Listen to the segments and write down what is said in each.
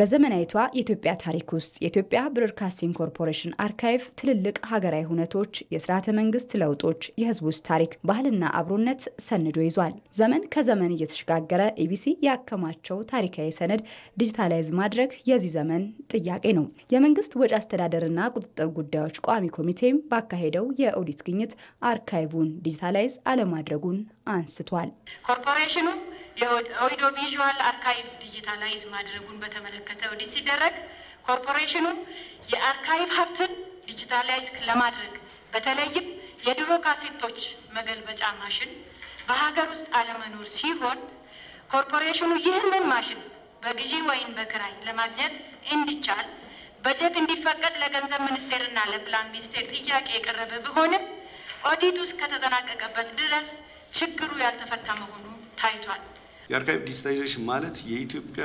በዘመናዊቷ የኢትዮጵያ ታሪክ ውስጥ የኢትዮጵያ ብሮድካስቲንግ ኮርፖሬሽን አርካይቭ ትልልቅ ሀገራዊ ሁነቶች፣ የስርዓተ መንግስት ለውጦች፣ የህዝብ ውስጥ ታሪክ፣ ባህልና አብሮነት ሰንዶ ይዟል። ዘመን ከዘመን እየተሸጋገረ ኢቢሲ ያከማቸው ታሪካዊ ሰነድ ዲጂታላይዝ ማድረግ የዚህ ዘመን ጥያቄ ነው። የመንግስት ወጪ አስተዳደርና ቁጥጥር ጉዳዮች ቋሚ ኮሚቴም ባካሄደው የኦዲት ግኝት አርካይቡን ዲጂታላይዝ አለማድረጉን አንስቷል። ኮርፖሬሽኑ የኦዲዮ ቪዥዋል አርካይቭ ዲጂታላይዝ ማድረጉን በተመለከተ ኦዲት ሲደረግ ኮርፖሬሽኑ የአርካይቭ ሀብትን ዲጂታላይዝ ለማድረግ በተለይም የድሮ ካሴቶች መገልበጫ ማሽን በሀገር ውስጥ አለመኖር ሲሆን ኮርፖሬሽኑ ይህንን ማሽን በግዢ ወይም በክራይ ለማግኘት እንዲቻል በጀት እንዲፈቀድ ለገንዘብ ሚኒስቴርና ለፕላን ሚኒስቴር ጥያቄ የቀረበ ቢሆንም ኦዲቱ እስከተጠናቀቀበት ድረስ ችግሩ ያልተፈታ መሆኑ ታይቷል። የአርካይቭ ዲጂታይዜሽን ማለት የኢትዮጵያ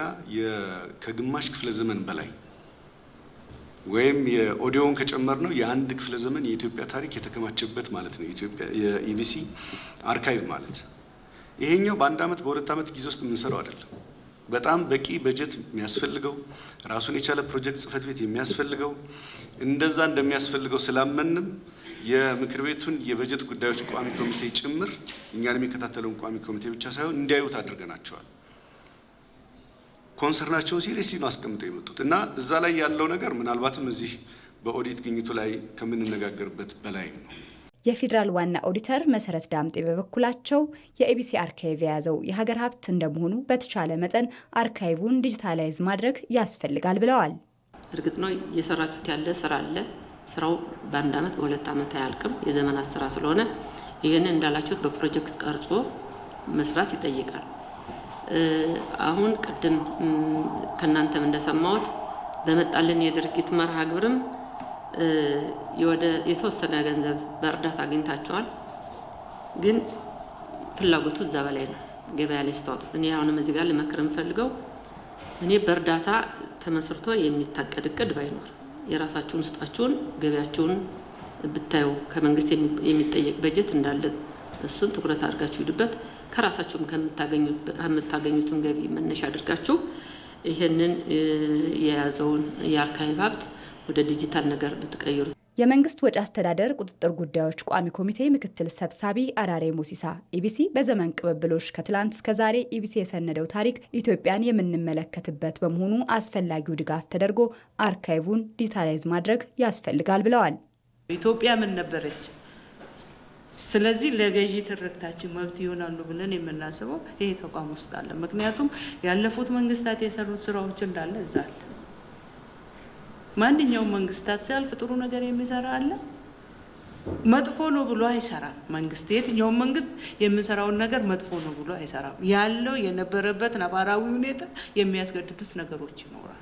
ከግማሽ ክፍለ ዘመን በላይ ወይም የኦዲዮን ከጨመር ነው የአንድ ክፍለ ዘመን የኢትዮጵያ ታሪክ የተከማቸበት ማለት ነው። ኢትዮጵያ የኢቢሲ አርካይቭ ማለት ይሄኛው በአንድ አመት በሁለት አመት ጊዜ ውስጥ የምንሰራው አይደለም። በጣም በቂ በጀት የሚያስፈልገው ራሱን የቻለ ፕሮጀክት ጽህፈት ቤት የሚያስፈልገው እንደዛ እንደሚያስፈልገው ስላመንም የምክር ቤቱን የበጀት ጉዳዮች ቋሚ ኮሚቴ ጭምር እኛን የሚከታተለውን ቋሚ ኮሚቴ ብቻ ሳይሆን እንዲያዩት አድርገናቸዋል። ኮንሰርናቸውን ሲሪየስሊ ነው አስቀምጠው የመጡት እና እዛ ላይ ያለው ነገር ምናልባትም እዚህ በኦዲት ግኝቱ ላይ ከምንነጋገርበት በላይ ነው። የፌዴራል ዋና ኦዲተር መሰረት ዳምጤ በበኩላቸው የኤቢሲ አርካይቭ የያዘው የሀገር ሀብት እንደመሆኑ በተቻለ መጠን አርካይቡን ዲጂታላይዝ ማድረግ ያስፈልጋል ብለዋል። እርግጥ ነው እየሰራችሁት ያለ ስራ አለ። ስራው በአንድ አመት በሁለት አመት አያልቅም። የዘመናት ስራ ስለሆነ ይህንን እንዳላችሁት በፕሮጀክት ቀርጾ መስራት ይጠይቃል። አሁን ቅድም ከእናንተም እንደሰማሁት በመጣልን የድርጊት መርሃ ግብርም ወደ የተወሰነ ገንዘብ በእርዳታ አግኝታቸዋል። ግን ፍላጎቱ እዛ በላይ ነው፣ ገበያ ላይ ስታወጡት። እኔ አሁንም እዚህ ጋር ልመክር የምፈልገው እኔ በእርዳታ ተመስርቶ የሚታቀድ እቅድ ባይኖር የራሳችሁን ስጣችሁን ገበያችሁን ብታዩ ከመንግስት የሚጠየቅ በጀት እንዳለ እሱን ትኩረት አድርጋችሁ ሂዱበት። ከራሳችሁም ከምታገኙትን ገቢ መነሻ አድርጋችሁ ይህንን የያዘውን የአርካይቭ ሀብት ወደ ዲጂታል ነገር ብትቀይሩት። የመንግስት ወጪ አስተዳደር ቁጥጥር ጉዳዮች ቋሚ ኮሚቴ ምክትል ሰብሳቢ አራሬ ሞሲሳ ኢቢሲ በዘመን ቅብብሎች ከትላንት እስከ ዛሬ ኢቢሲ የሰነደው ታሪክ ኢትዮጵያን የምንመለከትበት በመሆኑ አስፈላጊው ድጋፍ ተደርጎ አርካይቡን ዲጂታላይዝ ማድረግ ያስፈልጋል ብለዋል። ኢትዮጵያ ምን ነበረች? ስለዚህ ለገዢ ትርክታችን መብት ይሆናሉ ብለን የምናስበው ይሄ ተቋም ውስጥ አለ። ምክንያቱም ያለፉት መንግስታት የሰሩት ስራዎች እንዳለ እዛ አለ። ማንኛውም መንግስታት ሲያልፍ ጥሩ ነገር የሚሰራ አለ፣ መጥፎ ነው ብሎ አይሰራም። መንግስት የትኛውም መንግስት የሚሰራውን ነገር መጥፎ ነው ብሎ አይሰራም። ያለው የነበረበት ነባራዊ ሁኔታ የሚያስገድዱት ነገሮች ይኖራሉ።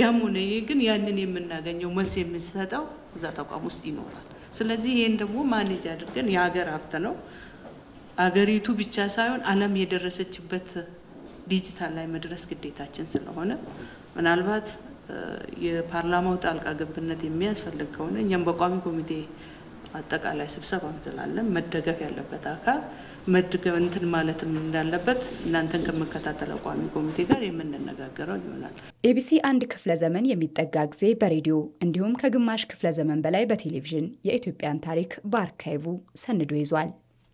ያም ሆነ ይህ ግን ያንን የምናገኘው መልስ የሚሰጠው እዛ ተቋም ውስጥ ይኖራል። ስለዚህ ይህን ደግሞ ማኔጅ አድርገን የሀገር ሀብት ነው። አገሪቱ ብቻ ሳይሆን ዓለም የደረሰችበት ዲጂታል ላይ መድረስ ግዴታችን ስለሆነ ምናልባት የፓርላማው ጣልቃ ገብነት የሚያስፈልግ ከሆነ እኛም በቋሚ ኮሚቴ አጠቃላይ ስብሰባ እንትላለን መደገፍ ያለበት አካል መድገብ እንትን ማለትም እንዳለበት እናንተን ከምከታተለው ቋሚ ኮሚቴ ጋር የምንነጋገረው ይሆናል። ኤቢሲ አንድ ክፍለ ዘመን የሚጠጋ ጊዜ በሬዲዮ እንዲሁም ከግማሽ ክፍለ ዘመን በላይ በቴሌቪዥን የኢትዮጵያን ታሪክ በአርካይቡ ሰንዶ ይዟል።